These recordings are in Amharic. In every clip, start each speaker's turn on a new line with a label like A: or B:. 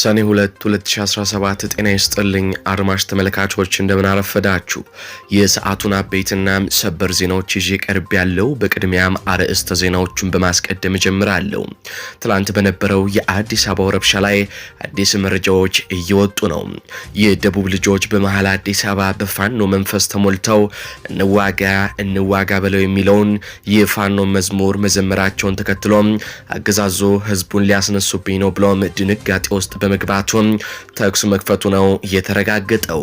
A: ሰኔ 2 2017 ጤና ይስጥልኝ አድማሽ ተመልካቾች፣ እንደምናረፈዳችሁ የሰዓቱን አበይትና ሰበር ዜናዎች ይዤ ቀርብ ያለው። በቅድሚያም አርዕስተ ዜናዎቹን በማስቀደም እጀምራለሁ። ትላንት በነበረው የአዲስ አበባ ረብሻ ላይ አዲስ መረጃዎች እየወጡ ነው። የደቡብ ልጆች በመሀል አዲስ አበባ በፋኖ መንፈስ ተሞልተው እንዋጋ እንዋጋ በለው የሚለውን የፋኖ መዝሙር መዘመራቸውን ተከትሎም አገዛዞ ህዝቡን ሊያስነሱብኝ ነው ብሎም ድንጋጤ ውስጥ በመግባቱም ተኩስ መክፈቱ ነው የተረጋገጠው።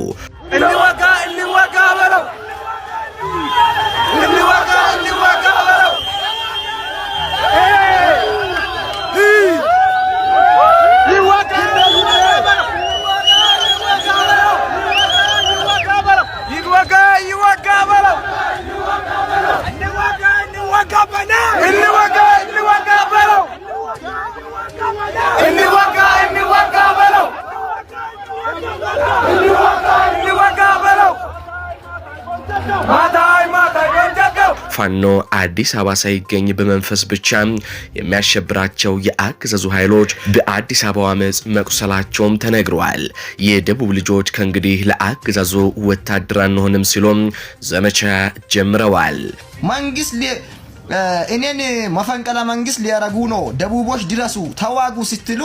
A: አዲስ አበባ ሳይገኝ በመንፈስ ብቻ የሚያሸብራቸው የአገዛዙ ኃይሎች በአዲስ አበባ አመፅ መቁሰላቸውም ተነግረዋል። የደቡብ ልጆች ከእንግዲህ ለአገዛዙ ወታደር አንሆንም ሲሉም ዘመቻ ጀምረዋል።
B: መንግስት እኔን መፈንቅለ መንግስት ሊያረጉ ነው፣ ደቡቦች ድረሱ፣ ተዋጉ ስትሉ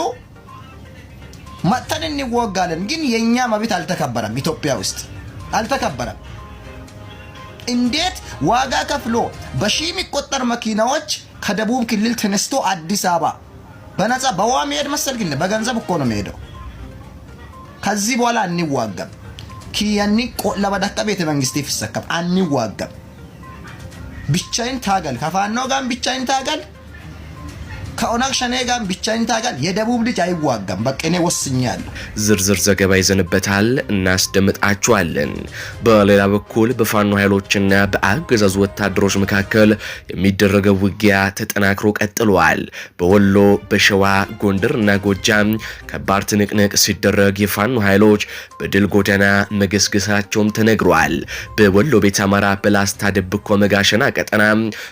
B: መጥተን እንወጋለን። ግን የእኛ መብት አልተከበረም፣ ኢትዮጵያ ውስጥ አልተከበረም። እንዴት ዋጋ ከፍሎ በሺ የሚቆጠር መኪናዎች ከደቡብ ክልል ተነስቶ አዲስ አበባ በነፃ በዋ መሄድ መሰል ክልል በገንዘብ እኮ ነው የሚሄደው። ከዚህ በኋላ አንዋገም ኪያኒ ለመዳጣ ቤተ መንግስት ይፍሰከም አንዋገም። ብቻይን ታገል ከፋኖ ጋር ብቻይን ታገል። ከኦነግ ሸኔ ጋር ብቻኝታ ጋር የደቡብ ልጅ አይዋጋም። በቃ እኔ ወስኛለሁ።
A: ዝርዝር ዘገባ ይዘንበታል፣ እናስደምጣችኋለን። በሌላ በኩል በፋኖ ኃይሎችና በአገዛዙ ወታደሮች መካከል የሚደረገው ውጊያ ተጠናክሮ ቀጥሏል። በወሎ በሸዋ ጎንደር እና ጎጃም ከባድ ትንቅንቅ ሲደረግ የፋኖ ኃይሎች በድል ጎዳና መገስገሳቸውም ተነግሯል። በወሎ ቤት አማራ በላስታ ደብኮ መጋሸና ቀጠና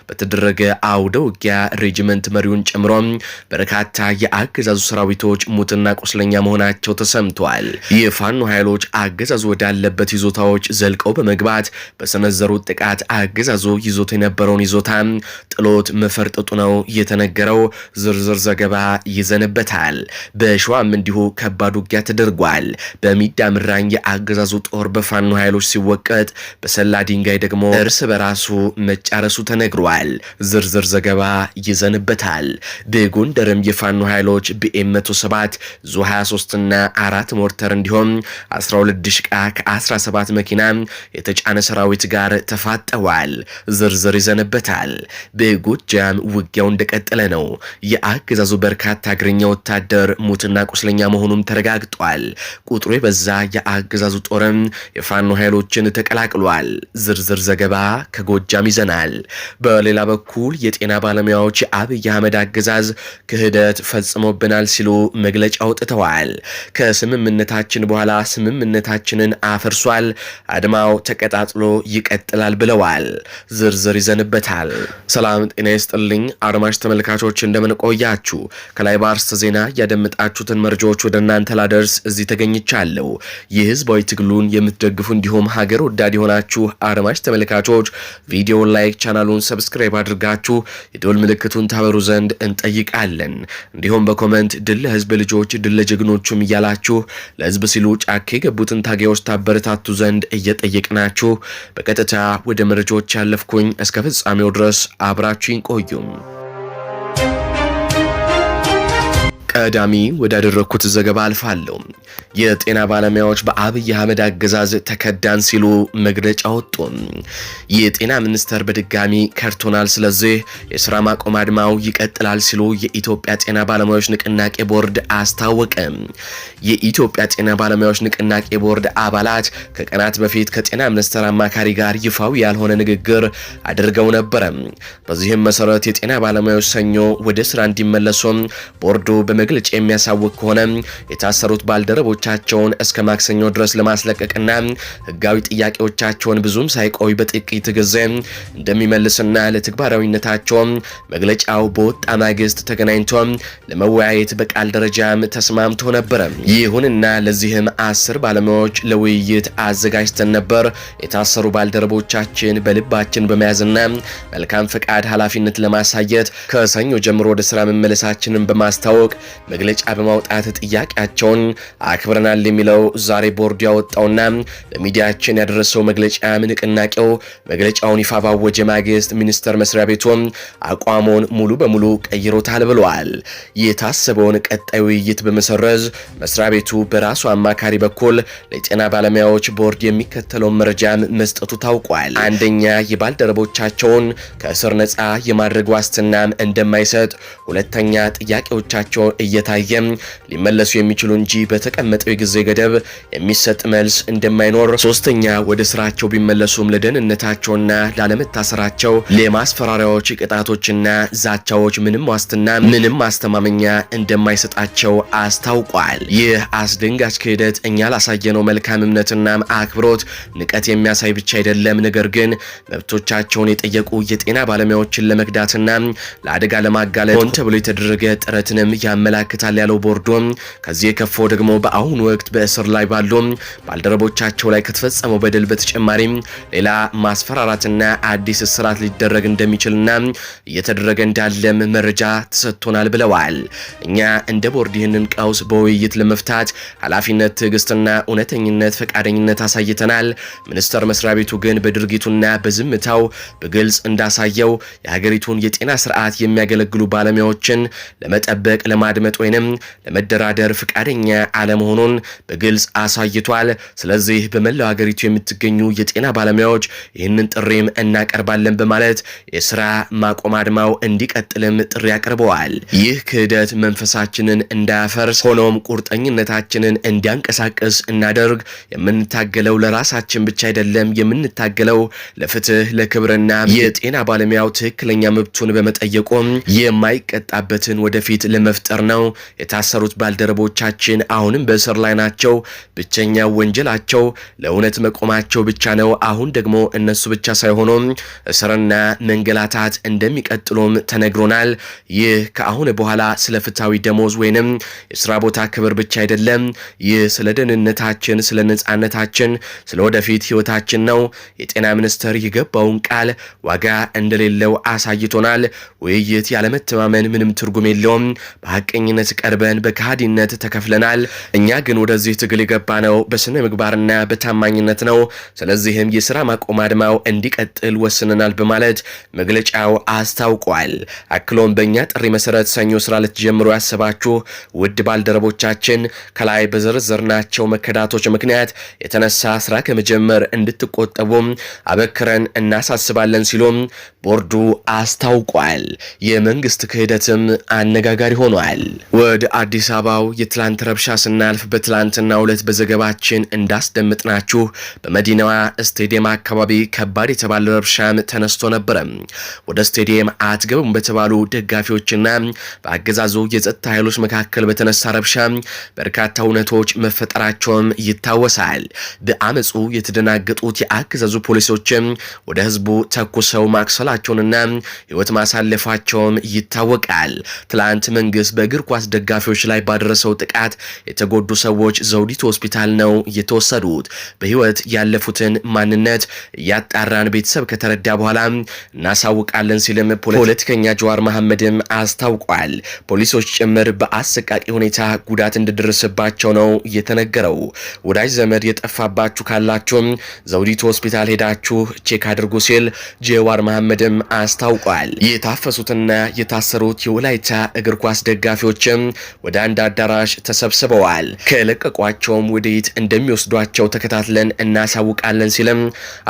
A: በተደረገ አውደ ውጊያ ሬጅመንት መሪውን ጨምሮ ጨምሮ በርካታ የአገዛዙ ሰራዊቶች ሙትና ቁስለኛ መሆናቸው ተሰምቷል። የፋኖ ኃይሎች አገዛዙ ወዳለበት ይዞታዎች ዘልቀው በመግባት በሰነዘሩት ጥቃት አገዛዙ ይዞት የነበረውን ይዞታ ጥሎት መፈርጠጡ ነው የተነገረው። ዝርዝር ዘገባ ይዘንበታል። በሸዋም እንዲሁ ከባድ ውጊያ ተደርጓል። በሚዳ ምራኝ የአገዛዙ ጦር በፋኖ ኃይሎች ሲወቀጥ፣ በሰላ ድንጋይ ደግሞ እርስ በራሱ መጫረሱ ተነግሯል። ዝርዝር ዘገባ ይዘንበታል። በጎንደርም የፋኖ ኃይሎች ቢኤም 107 ዙ 23 እና አራት ሞርተር እንዲሁም 12 ድሽቃ ከ17 መኪና የተጫነ ሰራዊት ጋር ተፋጠዋል። ዝርዝር ይዘንበታል። በጎጃም ውጊያው እንደቀጠለ ነው። የአገዛዙ በርካታ እግረኛ ወታደር ሙትና ቁስለኛ መሆኑም ተረጋግጧል። ቁጥሩ የበዛ የአገዛዙ ጦርም የፋኖ ኃይሎችን ተቀላቅሏል። ዝርዝር ዘገባ ከጎጃም ይዘናል። በሌላ በኩል የጤና ባለሙያዎች የአብይ አህመድ አገዛ አገዛዝ ክህደት ፈጽሞብናል ሲሉ መግለጫ አውጥተዋል። ከስምምነታችን በኋላ ስምምነታችንን አፈርሷል፣ አድማው ተቀጣጥሎ ይቀጥላል ብለዋል። ዝርዝር ይዘንበታል። ሰላም ጤና ይስጥልኝ አድማጭ ተመልካቾች እንደምንቆያችሁ ከላይ በአርዕስተ ዜና ያደመጣችሁትን መረጃዎች ወደ እናንተ ላደርስ እዚህ ተገኝቻለሁ። ይህ ህዝባዊ ትግሉን የምትደግፉ እንዲሁም ሀገር ወዳድ የሆናችሁ አድማጭ ተመልካቾች ቪዲዮን ላይክ፣ ቻናሉን ሰብስክራይብ አድርጋችሁ የደወል ምልክቱን ታበሩ ዘንድ እንጠይቃለን። እንዲሁም በኮመንት ድል ለህዝብ ልጆች ድል ለጀግኖቹም እያላችሁ ለህዝብ ሲሉ ጫካ የገቡትን ታጋዮች ታበረታቱ ዘንድ እየጠየቅናችሁ በቀጥታ ወደ መረጃዎች ያለፍኩኝ እስከ ፍጻሜው ድረስ አብራችሁ ቆዩም። ቀዳሚ ወዳደረግኩት ዘገባ አልፋለሁ። የጤና ባለሙያዎች በአብይ አህመድ አገዛዝ ተከዳን ሲሉ መግለጫ ወጡ። የጤና ሚኒስቴር በድጋሚ ከድቶናል፣ ስለዚህ የስራ ማቆም አድማው ይቀጥላል ሲሉ የኢትዮጵያ ጤና ባለሙያዎች ንቅናቄ ቦርድ አስታወቀ። የኢትዮጵያ ጤና ባለሙያዎች ንቅናቄ ቦርድ አባላት ከቀናት በፊት ከጤና ሚኒስቴር አማካሪ ጋር ይፋው ያልሆነ ንግግር አድርገው ነበረ። በዚህም መሰረት የጤና ባለሙያዎች ሰኞ ወደ ስራ እንዲመለሱ ቦርዱ በመ መግለጫ የሚያሳውቅ ከሆነ የታሰሩት ባልደረቦቻቸውን እስከ ማክሰኞ ድረስ ለማስለቀቅና ህጋዊ ጥያቄዎቻቸውን ብዙም ሳይቆይ በጥቂት ጊዜ እንደሚመልስና ለተግባራዊነታቸው መግለጫው በወጣ ማግስት ተገናኝቶ ለመወያየት በቃል ደረጃም ተስማምቶ ነበረ። ይሁንና ለዚህም አስር ባለሙያዎች ለውይይት አዘጋጅተን ነበር። የታሰሩ ባልደረቦቻችን በልባችን በመያዝና መልካም ፈቃድ ኃላፊነት ለማሳየት ከሰኞ ጀምሮ ወደ ስራ መመለሳችንን በማስታወቅ መግለጫ በማውጣት ጥያቄያቸውን አክብረናል የሚለው ዛሬ ቦርዱ ያወጣውና ለሚዲያችን ያደረሰው መግለጫ ንቅናቄው መግለጫውን ይፋ ባወጀ ማግስት ሚኒስቴር መስሪያ ቤቱም አቋሙን ሙሉ በሙሉ ቀይሮታል ብለዋል። የታሰበውን ቀጣይ ውይይት በመሰረዝ መስሪያ ቤቱ በራሱ አማካሪ በኩል ለጤና ባለሙያዎች ቦርድ የሚከተለውን መረጃም መስጠቱ ታውቋል። አንደኛ የባልደረቦቻቸውን ከእስር ነፃ የማድረግ ዋስትናም እንደማይሰጥ፣ ሁለተኛ ጥያቄዎቻቸው እየታየ ሊመለሱ የሚችሉ እንጂ በተቀመጠው የጊዜ ገደብ የሚሰጥ መልስ እንደማይኖር፣ ሶስተኛ ወደ ስራቸው ቢመለሱም ለደህንነታቸውና ላለመታሰራቸው ለማስፈራሪያዎች፣ ቅጣቶችና ዛቻዎች ምንም ዋስትና ምንም ማስተማመኛ እንደማይሰጣቸው አስታውቋል። ይህ አስደንጋጭ ክህደት እኛ ላሳየነው መልካም እምነትና አክብሮት ንቀት የሚያሳይ ብቻ አይደለም፣ ነገር ግን መብቶቻቸውን የጠየቁ የጤና ባለሙያዎችን ለመግዳትና ለአደጋ ለማጋለጥ ሆን ተብሎ የተደረገ ጥረትንም ያመ ያመላክታል ያለው ቦርዶ ከዚህ የከፋው ደግሞ በአሁኑ ወቅት በእስር ላይ ባሉ ባልደረቦቻቸው ላይ ከተፈጸመው በደል በተጨማሪም ሌላ ማስፈራራትና አዲስ እስራት ሊደረግ እንደሚችልና እየተደረገ እንዳለም መረጃ ተሰጥቶናል ብለዋል። እኛ እንደ ቦርድ ይህንን ቀውስ በውይይት ለመፍታት ኃላፊነት፣ ትዕግስትና እውነተኝነት ፈቃደኝነት አሳይተናል። ሚኒስቴር መስሪያ ቤቱ ግን በድርጊቱና በዝምታው በግልጽ እንዳሳየው የሀገሪቱን የጤና ስርዓት የሚያገለግሉ ባለሙያዎችን ለመጠበቅ ለማድ ለማድመጥ ወይንም ለመደራደር ፍቃደኛ አለመሆኑን በግልጽ አሳይቷል። ስለዚህ በመላው ሀገሪቱ የምትገኙ የጤና ባለሙያዎች ይህንን ጥሪም እናቀርባለን በማለት የስራ ማቆም አድማው እንዲቀጥልም ጥሪ አቅርበዋል። ይህ ክህደት መንፈሳችንን እንዳያፈርስ ሆኖም ቁርጠኝነታችንን እንዲያንቀሳቅስ እናደርግ። የምንታገለው ለራሳችን ብቻ አይደለም፣ የምንታገለው ለፍትህ፣ ለክብርና የጤና ባለሙያው ትክክለኛ መብቱን በመጠየቁም የማይቀጣበትን ወደፊት ለመፍጠር ነው። የታሰሩት ባልደረቦቻችን አሁንም በእስር ላይ ናቸው። ብቸኛው ወንጀላቸው ለእውነት መቆማቸው ብቻ ነው። አሁን ደግሞ እነሱ ብቻ ሳይሆኑም እስርና መንገላታት እንደሚቀጥሉም ተነግሮናል። ይህ ከአሁን በኋላ ስለ ፍትሐዊ ደሞዝ ወይንም የስራ ቦታ ክብር ብቻ አይደለም። ይህ ስለ ደህንነታችን፣ ስለ ነጻነታችን፣ ስለ ወደፊት ህይወታችን ነው። የጤና ሚኒስቴር የገባውን ቃል ዋጋ እንደሌለው አሳይቶናል። ውይይት ያለመተማመን ምንም ትርጉም የለውም። በሀቀኝ በጋዜጠኝነት ቀርበን በከሃዲነት ተከፍለናል። እኛ ግን ወደዚህ ትግል የገባነው በስነ ምግባርና በታማኝነት ነው። ስለዚህም የስራ ማቆም አድማው እንዲቀጥል ወስነናል በማለት መግለጫው አስታውቋል። አክሎም በእኛ ጥሪ መሰረት ሰኞ ስራ ልትጀምሩ ያሰባችሁ ውድ ባልደረቦቻችን ከላይ በዘረዘርናቸው መከዳቶች ምክንያት የተነሳ ስራ ከመጀመር እንድትቆጠቡም አበክረን እናሳስባለን ሲሉም ቦርዱ አስታውቋል። የመንግስት ክህደትም አነጋጋሪ ሆኗል። ወደ አዲስ አበባው የትላንት ረብሻ ስናልፍ በትላንትናው ዕለት በዘገባችን እንዳስደምጥናችሁ በመዲናዋ ስቴዲየም አካባቢ ከባድ የተባለ ረብሻም ተነስቶ ነበረ። ወደ ስቴዲየም አትገቡም በተባሉ ደጋፊዎችና በአገዛዙ የጸጥታ ኃይሎች መካከል በተነሳ ረብሻ በርካታ እውነቶች መፈጠራቸውም ይታወሳል። በአመፁ የተደናገጡት የአገዛዙ ፖሊሶችም ወደ ህዝቡ ተኩሰው ማክሰላቸውንና ህይወት ማሳለፋቸውም ይታወቃል። ትላንት መንግስት በ እግር ኳስ ደጋፊዎች ላይ ባደረሰው ጥቃት የተጎዱ ሰዎች ዘውዲቱ ሆስፒታል ነው የተወሰዱት። በህይወት ያለፉትን ማንነት እያጣራን ቤተሰብ ከተረዳ በኋላ እናሳውቃለን ሲልም ፖለቲከኛ ጀዋር መሐመድም አስታውቋል። ፖሊሶች ጭምር በአሰቃቂ ሁኔታ ጉዳት እንደደረሰባቸው ነው የተነገረው። ወዳጅ ዘመድ የጠፋባችሁ ካላችሁም ዘውዲቱ ሆስፒታል ሄዳችሁ ቼክ አድርጉ ሲል ጀዋር መሐመድም አስታውቋል። የታፈሱትና የታሰሩት የወላይታ እግር ኳስ ደጋፊ ደጋፊዎችም ወደ አንድ አዳራሽ ተሰብስበዋል። ከለቀቋቸውም ወዴት እንደሚወስዷቸው ተከታትለን እናሳውቃለን ሲልም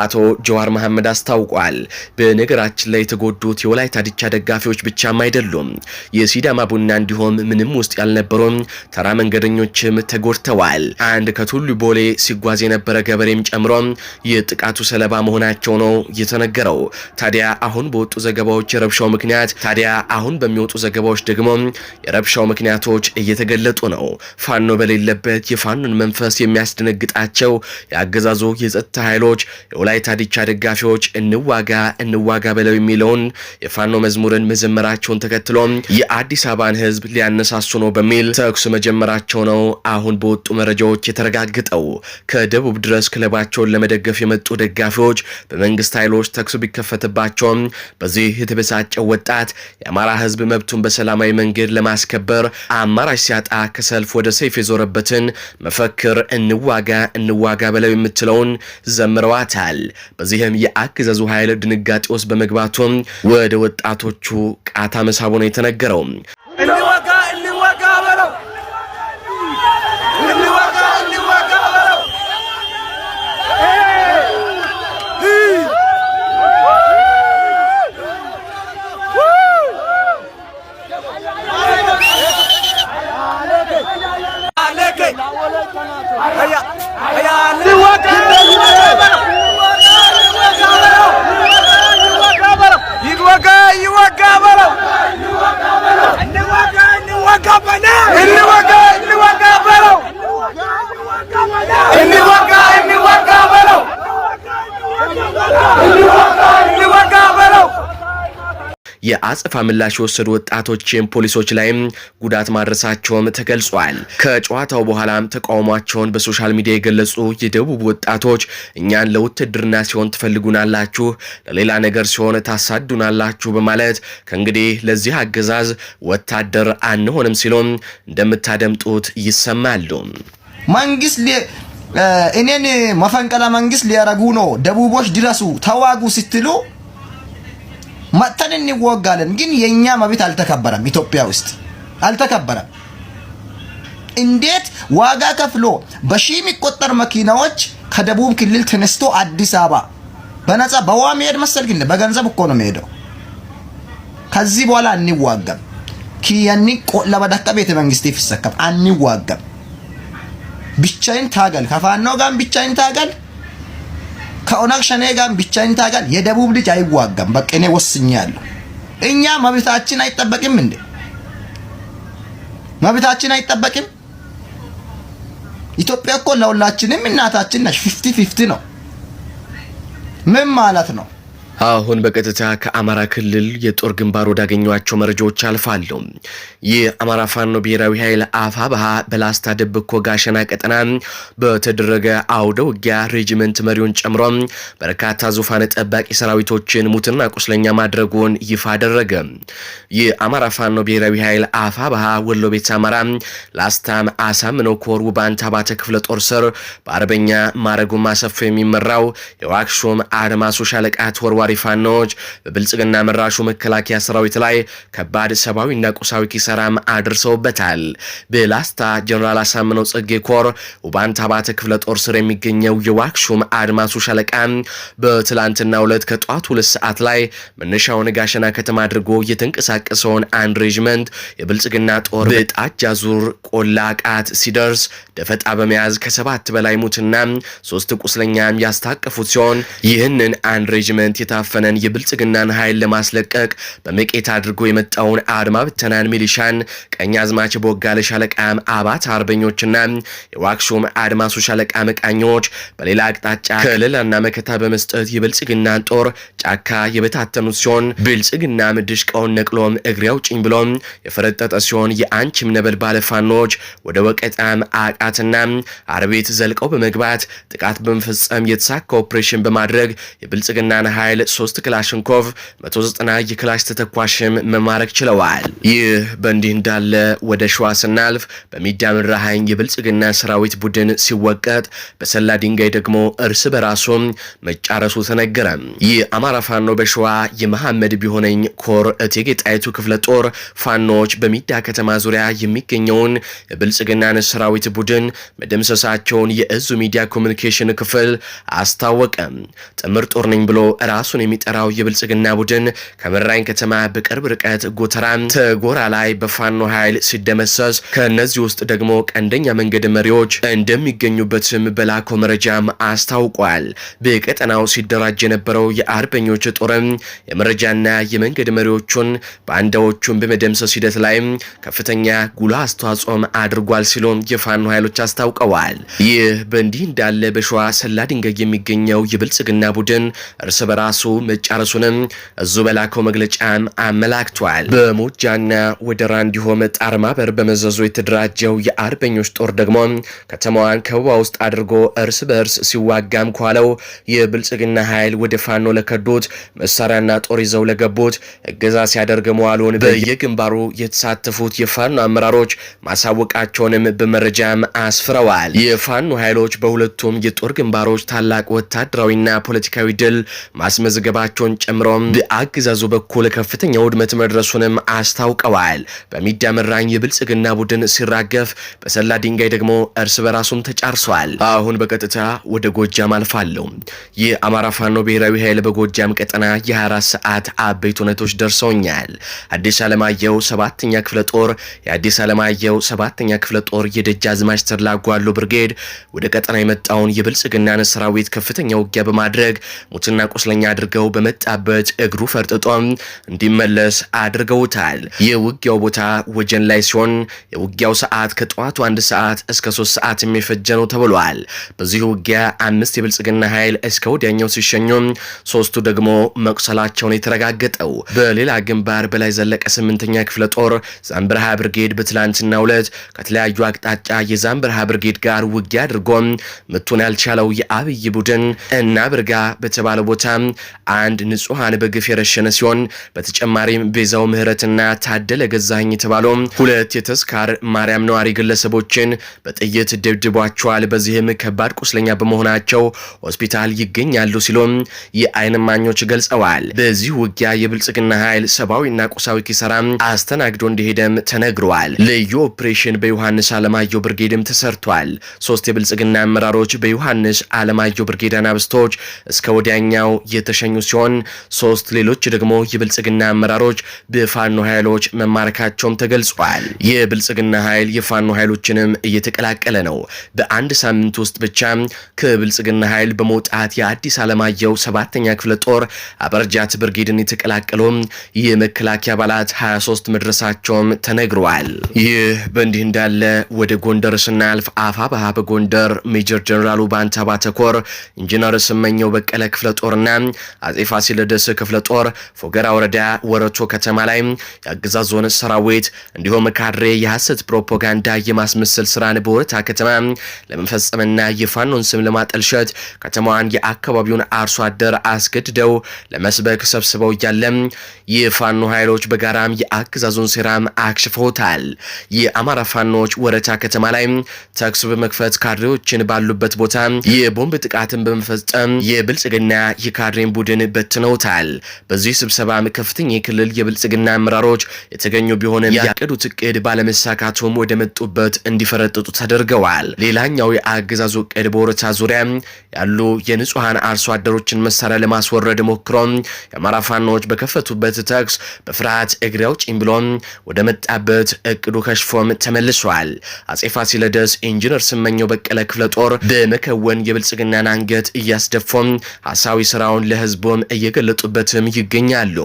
A: አቶ ጀዋር መሐመድ አስታውቋል። በነገራችን ላይ የተጎዱት የወላይታ አድቻ ደጋፊዎች ብቻም አይደሉም። የሲዳማ ቡና እንዲሁም ምንም ውስጥ ያልነበሩም ተራ መንገደኞችም ተጎድተዋል። አንድ ከቱሉ ቦሌ ሲጓዝ የነበረ ገበሬም ጨምሮ የጥቃቱ ሰለባ መሆናቸው ነው የተነገረው። ታዲያ አሁን በወጡ ዘገባዎች የረብሻው ምክንያት ታዲያ አሁን በሚወጡ ዘገባዎች ደግሞ የረብሻው ምክንያቶች እየተገለጡ ነው። ፋኖ በሌለበት የፋኖን መንፈስ የሚያስደነግጣቸው የአገዛዙ የጸጥታ ኃይሎች የወላይታ ዲቻ ደጋፊዎች እንዋጋ እንዋጋ በለው የሚለውን የፋኖ መዝሙርን መዘመራቸውን ተከትሎ የአዲስ አበባን ህዝብ ሊያነሳሱ ነው በሚል ተኩስ መጀመራቸው ነው አሁን በወጡ መረጃዎች የተረጋገጠው። ከደቡብ ድረስ ክለባቸውን ለመደገፍ የመጡ ደጋፊዎች በመንግስት ኃይሎች ተኩስ ቢከፈትባቸውም በዚህ የተበሳጨው ወጣት የአማራ ህዝብ መብቱን በሰላማዊ መንገድ ለማስ ለማስከበር አማራጭ ሲያጣ ከሰልፍ ወደ ሰይፍ የዞረበትን መፈክር እንዋጋ እንዋጋ በለው የምትለውን ዘምረዋታል። በዚህም የአገዛዙ ኃይል ድንጋጤ ውስጥ በመግባቱም ወደ ወጣቶቹ ቃታ መሳቡ ነው የተነገረው። I got, anyone got, anyone got, anyone got, anyone got, anyone got, anyone got, anyone got, anyone got, anyone got, anyone got, anyone got, anyone got, anyone got, anyone got, anyone got, የአጸፋ ምላሽ የወሰዱ ወጣቶችም ፖሊሶች ላይም ጉዳት ማድረሳቸውም ተገልጿል። ከጨዋታው በኋላም ተቃውሟቸውን በሶሻል ሚዲያ የገለጹ የደቡብ ወጣቶች እኛን ለውትድርና ሲሆን ትፈልጉናላችሁ፣ ለሌላ ነገር ሲሆን ታሳዱናላችሁ በማለት ከእንግዲህ ለዚህ አገዛዝ ወታደር አንሆንም ሲሉም እንደምታደምጡት ይሰማሉ።
B: መንግስት እኔን መፈንቅለ መንግስት ሊያረጉ ነው፣ ደቡቦች ድረሱ፣ ተዋጉ ስትሉ መጥተን እንወጋለን። ግን የእኛ መብት አልተከበረም፣ ኢትዮጵያ ውስጥ አልተከበረም። እንዴት ዋጋ ከፍሎ በሺ የሚቆጠር መኪናዎች ከደቡብ ክልል ተነስቶ አዲስ አበባ በነፃ በዋ መሄድ መሰልክ? በገንዘብ እኮ ነው የሚሄደው። ከዚህ በኋላ አንዋገም። ኪያኒ ለበዳካ ቤተ መንግስት ይፈሰከም አንዋገም። ብቻይን ታገል፣ ከፋኖ ጋር ብቻይን ታገል። ከኦነግ ሸኔ ጋር ብቻኝታ ጋር የደቡብ ልጅ አይዋጋም። በቃ እኔ ወስኛለሁ። እኛ መብታችን አይጠበቅም እንዴ? መብታችን አይጠበቅም? ኢትዮጵያ እኮ ለሁላችንም እናታችን ነሽ። ፊፍቲ ፊፍቲ ነው። ምን ማለት ነው?
A: አሁን በቀጥታ ከአማራ ክልል የጦር ግንባር ወዳገኟቸው መረጃዎች አልፋለሁ። አማራ ፋኖ ብሔራዊ ኃይል ባሃ በላስታ ደብኮ ጋሸና ቀጠና በተደረገ አውደ ውጊያ ሬጅመንት መሪውን ጨምሮ በርካታ ዙፋን ጠባቂ ሰራዊቶችን ሙትና ቁስለኛ ማድረጉን ይፋ አደረገ። አማራ ፋኖ ብሔራዊ ኃይል አፋ ባሃ ወሎ ቤት አማራ ላስታም አሳምነው ኮር ውባንታ ባተ ክፍለ ጦር ስር በአርበኛ ማረጉ ማሰፎ የሚመራው የዋክሹም አድማሶ ሻለቃ ተወርዋሪ ተባባሪ ፋኖች በብልጽግና መራሹ መከላከያ ሰራዊት ላይ ከባድ ሰብአዊና ቁሳዊ ኪሳራም አድርሰውበታል። በላስታ ጀኔራል አሳምነው ጽጌ ኮር ውባንት አባተ ክፍለ ጦር ስር የሚገኘው የዋክሹም አድማሱ ሻለቃ በትላንትና ሁለት ከጠዋት ሁለት ሰዓት ላይ መነሻውን ጋሸና ከተማ አድርጎ የተንቀሳቀሰውን አንድ ሬጅመንት የብልጽግና ጦር በጣጃ ዙር ቆላ ቃት ሲደርስ ደፈጣ በመያዝ ከሰባት በላይ ሙትና ሶስት ቁስለኛም ያስታቀፉት ሲሆን ይህንን አንድ ሬጅመንት የታ የታፈነን የብልጽግናን ኃይል ለማስለቀቅ በመቄት አድርጎ የመጣውን አድማ ብተናን ሚሊሻን ቀኝ አዝማች ቦጋለ ሻለቃ አባት አርበኞችና የዋክሹም አድማሱ ሻለቃ መቃኞች በሌላ አቅጣጫ ከለላና መከታ በመስጠት የብልጽግናን ጦር ጫካ የበታተኑት ሲሆን ብልጽግናም ድሽቃውን ነቅሎም እግሬ አውጭኝ ብሎም የፈረጠጠ ሲሆን የአንቺም ነበል ባለፋኖች ወደ ወቀጣም አቃትና አርቤት ዘልቀው በመግባት ጥቃት በመፈጸም የተሳካ ኦፕሬሽን በማድረግ የብልጽግናን ኃይል ሚሳኤል፣ ሶስት ክላሽንኮቭ፣ 190 የክላሽ ተተኳሽም መማረክ ችለዋል። ይህ በእንዲህ እንዳለ ወደ ሸዋ ስናልፍ በሚዳ ረሃኝ የብልጽግና ሰራዊት ቡድን ሲወቀጥ በሰላ ድንጋይ ደግሞ እርስ በራሱ መጫረሱ ተነገረ። ይህ አማራ ፋኖ በሸዋ የመሐመድ ቢሆነኝ ኮር እቴጌ ጣይቱ ክፍለ ጦር ፋኖዎች በሚዳ ከተማ ዙሪያ የሚገኘውን የብልጽግናን ሰራዊት ቡድን መደምሰሳቸውን የእዙ ሚዲያ ኮሚኒኬሽን ክፍል አስታወቀ። ጥምር ጦር ነኝ ብሎ ራሱ ራሱን የሚጠራው የብልጽግና ቡድን ከመራኝ ከተማ በቅርብ ርቀት ጎተራ ተጎራ ላይ በፋኖ ኃይል ሲደመሰስ ከእነዚህ ውስጥ ደግሞ ቀንደኛ መንገድ መሪዎች እንደሚገኙበትም በላኮ መረጃም አስታውቋል። በቀጠናው ሲደራጅ የነበረው የአርበኞች ጦርም የመረጃና የመንገድ መሪዎቹን ባንዳዎቹን በመደምሰስ ሂደት ላይም ከፍተኛ ጉልህ አስተዋጽኦም አድርጓል ሲሉም የፋኖ ኃይሎች አስታውቀዋል። ይህ በእንዲህ እንዳለ በሸዋ ሰላ ድንጋይ የሚገኘው የብልጽግና ቡድን እርስ በራሱ ራሱ መጫረሱንም እዙ በላከው መግለጫን አመላክቷል። በሞጃና ወደራ እንዲሁም ጣር በመዘዙ የተደራጀው የአርበኞች ጦር ደግሞ ከተማዋን ከበባ ውስጥ አድርጎ እርስ በእርስ ሲዋጋም ከኋለው የብልጽግና ኃይል ወደ ፋኖ ለከዱት መሳሪያና ጦር ይዘው ለገቡት እገዛ ሲያደርግ መዋሉን በየግንባሩ የተሳተፉት የፋኖ አመራሮች ማሳወቃቸውንም በመረጃም አስፍረዋል። የፋኖ ኃይሎች በሁለቱም የጦር ግንባሮች ታላቅ ወታደራዊና ፖለቲካዊ ድል ማስመ መመዝገባቸውን ጨምሮ በአገዛዙ በኩል ከፍተኛ ውድመት መድረሱንም አስታውቀዋል። በሚዲያ መራኝ የብልጽግና ቡድን ሲራገፍ፣ በሰላ ድንጋይ ደግሞ እርስ በራሱም ተጫርሷል። አሁን በቀጥታ ወደ ጎጃም አልፋለሁ። የአማራ ፋኖ ብሔራዊ ኃይል በጎጃም ቀጠና የ24 ሰዓት አበይት ሁነቶች ደርሰውኛል። አዲስ አለማየሁ ሰባተኛ ክፍለ ጦር የአዲስ አለማየሁ ሰባተኛ ክፍለ ጦር የደጃዝማች ተላጓሉ ብርጌድ ወደ ቀጠና የመጣውን የብልጽግናን ሰራዊት ከፍተኛ ውጊያ በማድረግ ሙትና ቁስለኛ አድርገው በመጣበት እግሩ ፈርጥጦ እንዲመለስ አድርገውታል። የውጊያው ቦታ ወጀን ላይ ሲሆን የውጊያው ሰዓት ከጠዋቱ አንድ ሰዓት እስከ ሶስት ሰዓት የሚፈጀ ነው ተብሏል። በዚህ ውጊያ አምስት የብልጽግና ኃይል እስከ ወዲያኛው ሲሸኙ፣ ሶስቱ ደግሞ መቁሰላቸውን የተረጋገጠው። በሌላ ግንባር በላይ ዘለቀ ስምንተኛ ክፍለ ጦር ዛምብርሃ ብርጌድ በትላንትናው ዕለት ከተለያዩ አቅጣጫ የዛምብርሃ ብርጌድ ጋር ውጊያ አድርጎ ምቱን ያልቻለው የአብይ ቡድን እና ብርጋ በተባለ ቦታ አንድ ንጹሐን በግፍ የረሸነ ሲሆን በተጨማሪም ቤዛው ምህረትና ታደለ ገዛኝ የተባሉ ሁለት የተስካር ማርያም ነዋሪ ግለሰቦችን በጥይት ደብድቧቸዋል። በዚህም ከባድ ቁስለኛ በመሆናቸው ሆስፒታል ይገኛሉ ሲሉም የአይን ማኞች ገልጸዋል። በዚህ ውጊያ የብልጽግና ኃይል ሰብአዊና ቁሳዊ ኪሰራም አስተናግዶ እንደሄደም ተነግረዋል። ልዩ ኦፕሬሽን በዮሐንስ አለማየሁ ብርጌድም ተሰርቷል። ሶስት የብልጽግና አመራሮች በዮሐንስ አለማየሁ ብርጌድ አናብስቶች እስከ ወዲያኛው የተሸ የተሸኙ ሲሆን ሶስት ሌሎች ደግሞ የብልጽግና አመራሮች በፋኖ ኃይሎች መማረካቸውም ተገልጿል። የብልጽግና ኃይል የፋኖ ኃይሎችንም እየተቀላቀለ ነው። በአንድ ሳምንት ውስጥ ብቻ ከብልጽግና ኃይል በመውጣት የአዲስ አለማየሁ ሰባተኛ ክፍለ ጦር አበርጃት ብርጌድን የተቀላቀሉ የመከላከያ አባላት 23 መድረሳቸውም ተነግረዋል። ይህ በእንዲህ እንዳለ ወደ ጎንደር ስናልፍ አፋ ባሃ በጎንደር ሜጀር ጀኔራሉ ባንታባተኮር ኢንጂነር ስመኘው በቀለ ክፍለ ጦርና አጼ ፋሲለደስ ክፍለ ጦር ፎገራ ወረዳ ወረቶ ከተማ ላይ የአገዛዞን ሰራዊት እንዲሁም ካድሬ የሐሰት ፕሮፓጋንዳ የማስመሰል ስራን በወረታ ከተማ ለመፈጸምና የፋኖን ስም ለማጠልሸት ከተማዋን የአካባቢውን አርሶ አደር አስገድደው ለመስበክ ሰብስበው እያለም የፋኖ ኃይሎች በጋራም የአገዛዞን ሴራም አክሽፈውታል። የአማራ ፋኖች ወረታ ከተማ ላይ ተኩስ በመክፈት ካድሬዎችን ባሉበት ቦታ የቦምብ ጥቃትን በመፈጸም የብልጽግና የካድሬን የአማጺያን ቡድን በትነውታል። በዚህ ስብሰባም ከፍተኛ የክልል የብልጽግና አመራሮች የተገኙ ቢሆንም ያቀዱት እቅድ ባለመሳካቱም ወደ መጡበት እንዲፈረጥጡ ተደርገዋል። ሌላኛው የአገዛዙ እቅድ በወረታ ዙሪያ ያሉ የንጹሐን አርሶ አደሮችን መሳሪያ ለማስወረድ ሞክሮም የአማራ ፋኖዎች በከፈቱበት ተኩስ በፍርሃት እግሬ አውጪኝ ብሎም ወደ መጣበት እቅዱ ከሽፎም ተመልሷል። አጼ ፋሲለደስ ኢንጂነር ስመኘው በቀለ ክፍለ ጦር በመከወን የብልጽግናን አንገት እያስደፎም ሀሳዊ ስራውን ለህዝቡም እየገለጡበትም ይገኛሉ።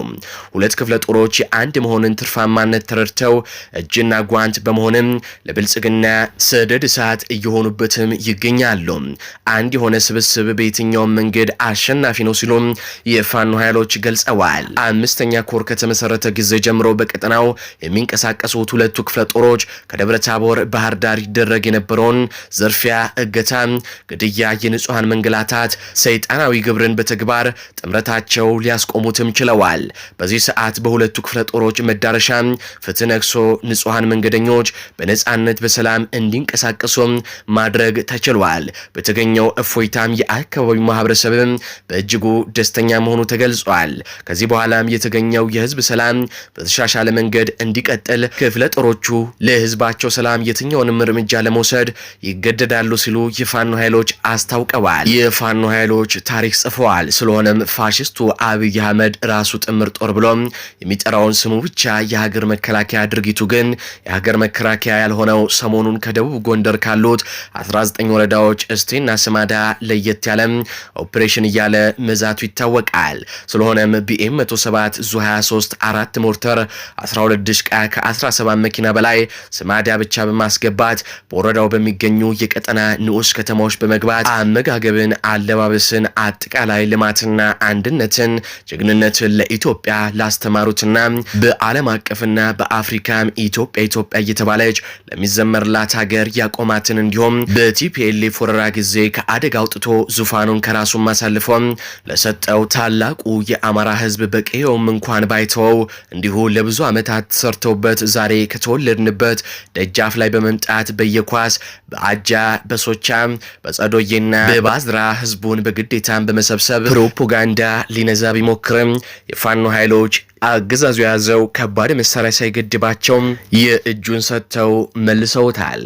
A: ሁለት ክፍለ ጦሮች የአንድ መሆንን ትርፋማነት ተረድተው እጅና ጓንት በመሆንም ለብልጽግና ሰደድ እሳት እየሆኑበትም ይገኛሉ። አንድ የሆነ ስብ ስብስብ በየትኛውም መንገድ አሸናፊ ነው ሲሉ የፋኖ ኃይሎች ገልጸዋል። አምስተኛ ኮር ከተመሰረተ ጊዜ ጀምሮ በቀጠናው የሚንቀሳቀሱት ሁለቱ ክፍለ ጦሮች ከደብረ ታቦር ባህር ዳር ይደረግ የነበረውን ዘርፊያ፣ እገታ፣ ግድያ፣ የንጹሐን መንገላታት፣ ሰይጣናዊ ግብርን በተግባር ጥምረታቸው ሊያስቆሙትም ችለዋል። በዚህ ሰዓት በሁለቱ ክፍለ ጦሮች መዳረሻ ፍትህ ነግሶ ንጹሐን መንገደኞች በነጻነት በሰላም እንዲንቀሳቀሱ ማድረግ ተችሏል። በተገኘው እፎይታ በመሆኗም የአካባቢው ማህበረሰብም በእጅጉ ደስተኛ መሆኑ ተገልጿል። ከዚህ በኋላም የተገኘው የህዝብ ሰላም በተሻሻለ መንገድ እንዲቀጥል ክፍለ ጦሮቹ ለህዝባቸው ሰላም የትኛውንም እርምጃ ለመውሰድ ይገደዳሉ ሲሉ የፋኖ ኃይሎች አስታውቀዋል። የፋኖ ኃይሎች ታሪክ ጽፈዋል። ስለሆነም ፋሽስቱ አብይ አህመድ ራሱ ጥምር ጦር ብሎም የሚጠራውን ስሙ ብቻ የሀገር መከላከያ ድርጊቱ ግን የሀገር መከላከያ ያልሆነው ሰሞኑን ከደቡብ ጎንደር ካሉት 19 ወረዳዎች እስቴና ስማዳ ለ ለየት ያለ ኦፕሬሽን እያለ መዛቱ ይታወቃል። ስለሆነም ቢኤም 107 ዙ 23 አራት ሞርተር 12 ድሽቃ ከ17 መኪና በላይ ስማዳ ብቻ በማስገባት በወረዳው በሚገኙ የቀጠና ንዑስ ከተማዎች በመግባት አመጋገብን፣ አለባበስን፣ አጠቃላይ ልማትና አንድነትን ጀግንነትን ለኢትዮጵያ ላስተማሩትና በዓለም አቀፍና በአፍሪካም ኢትዮጵያ ኢትዮጵያ እየተባለች ለሚዘመርላት ሀገር ያቆማትን እንዲሁም በቲፒኤልኤፍ ወረራ ጊዜ ከአደጋ አውጥቶ አቶ ዙፋኑን ከራሱም አሳልፎ ለሰጠው ታላቁ የአማራ ህዝብ በቀየውም እንኳን ባይተወው እንዲሁ ለብዙ ዓመታት ተሰርተውበት ዛሬ ከተወለድንበት ደጃፍ ላይ በመምጣት በየኳስ በአጃ በሶቻ በጸዶዬና በባዝራ ህዝቡን በግዴታን በመሰብሰብ ፕሮፓጋንዳ ሊነዛ ቢሞክርም የፋኖ ኃይሎች አገዛዙ የያዘው ከባድ መሳሪያ ሳይገድባቸው የእጁን ሰጥተው መልሰውታል።